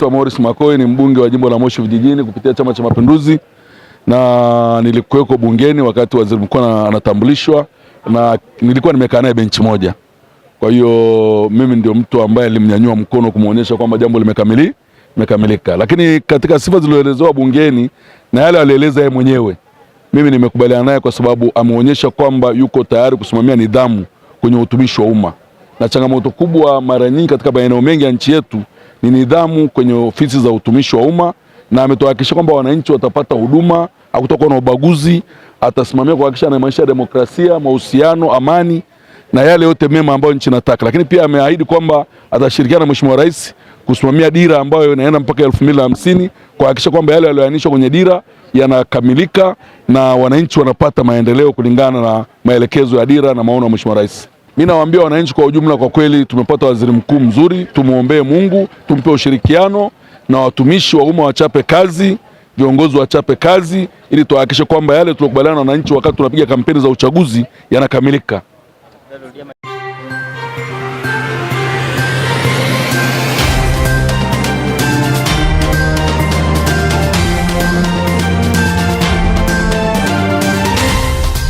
Mheshimiwa Morris Makoi ni mbunge wa jimbo la Moshi Vijijini kupitia Chama cha Mapinduzi, na nilikuweko bungeni wakati waziri mkuu anatambulishwa na nilikuwa nimekaa naye benchi moja. Kwa hiyo mimi ndio mtu ambaye alimnyanyua mkono kumuonyesha kwamba jambo limekamili limekamilika, lakini katika sifa zilizoelezewa bungeni na yale alieleza yeye mwenyewe, mimi nimekubaliana naye kwa sababu ameonyesha kwamba yuko tayari kusimamia nidhamu kwenye utumishi wa umma, na changamoto kubwa mara nyingi katika maeneo mengi ya nchi yetu ni nidhamu kwenye ofisi za utumishi wa umma, na ametuhakikishia kwamba wananchi watapata huduma, hakutakuwa na ubaguzi. Atasimamia kuhakikisha anaimarisha demokrasia, mahusiano, amani na yale yote mema ambayo nchi inataka. Lakini pia ameahidi kwamba atashirikiana na Mheshimiwa Rais kusimamia dira ambayo inaenda mpaka 2050 mbili kuhakikisha kwamba yale yaliyoainishwa kwenye dira yanakamilika na wananchi wanapata maendeleo kulingana na maelekezo ya dira na maono ya Mheshimiwa Rais mi nawaambia wananchi kwa ujumla, kwa kweli tumepata waziri mkuu mzuri, tumwombee Mungu, tumpe ushirikiano na watumishi wa umma wachape kazi, viongozi wachape kazi, ili tuhakikishe kwamba yale tulokubaliana na wananchi wakati tunapiga kampeni za uchaguzi yanakamilika.